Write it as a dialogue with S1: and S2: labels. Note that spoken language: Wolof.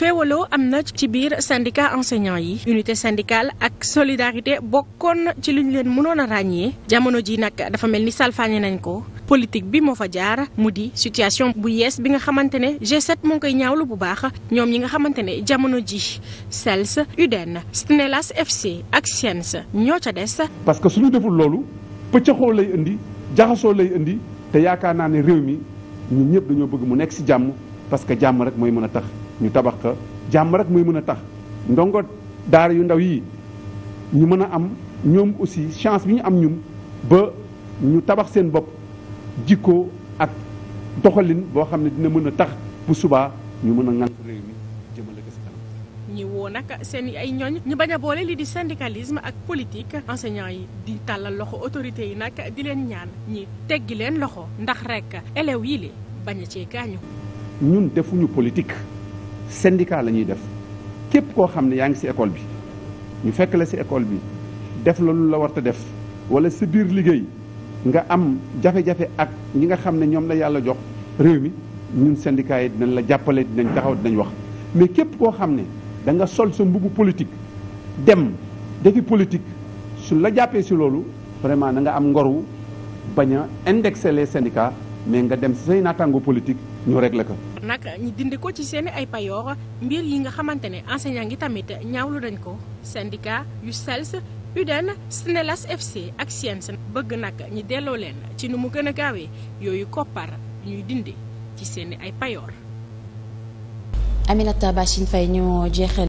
S1: féewaloo am na ci biir syndicat enseignant yi unité syndicale ak solidarité bokkoon ci li ñu leen mënoon a ràññee jamono ji nag dafa mel ni salfaañe nañ ko politique bi moo fa jaar mu di situation bu yees bi nga xamante ne G7 moo ngi koy ñaawlu bu baax ñoom ñi nga xamante ne jamono ji SELS UDEN STELAS FC ak SYNES ñoo ca des.
S2: parce que suñu deful loolu pëccëxoo lay indi jaxasoo lay indi te yaakaar naa ne réew mi ñun ñëpp dañoo bëgg mu nekk ci jàmm parce que jàmm rek mooy mën a tax. ñu tabax ka jàmm rek mooy mën a tax ndongo daar yu ndaw yii ñu mën a am ñoom aussi chance bi ñu am ñun ba ñu tabax seen bopp jikko ak doxalin boo xam ne dina mën a tax bu subaa ñu mën a ŋànk réew mi jëmale
S1: ñi woo nag seen ay ñooñ ñu bañ a boole lii di syndicalisme ak politique enseignant yi di tàllal loxo autorités yi nag di leen ñaan ñi teggi leen loxo ndax rek élèves yi li bañ a cee gaañu
S2: ñun defuñu politique syndicat la ñuy def képp koo xam ne yaa ngi ci école bi ñu fekk la ci école bi def la lu la war def walla sa biir liggéey nga am jafe-jafe ak ñi nga xam ne ñoom la yàlla jox réew mi ñun syndicat yi dinañ la jàppale dinañ taxaw dinañ wax mais képp koo xam ne da nga sol sa mbubu politique dem defi politique su la jàppee si loolu vraiment na nga am ngoru bañ a indexer les syndicats mais nga dem si say naataango politique ñu réglé ko.
S1: nag ñu dindi ko ci seen ay payoor mbir yi nga xamante ne enseignant ngi tamit ñaawlu nañ ko syndicat yu SELS UDEN SNELAS FC ak SYENS bëgg nag ñi delloo leen ci nu mu gën a gaawee yooyu koppar ñuy dindi ci seeni ay payoor.
S2: Aminata Bachine Faye ñu jeexal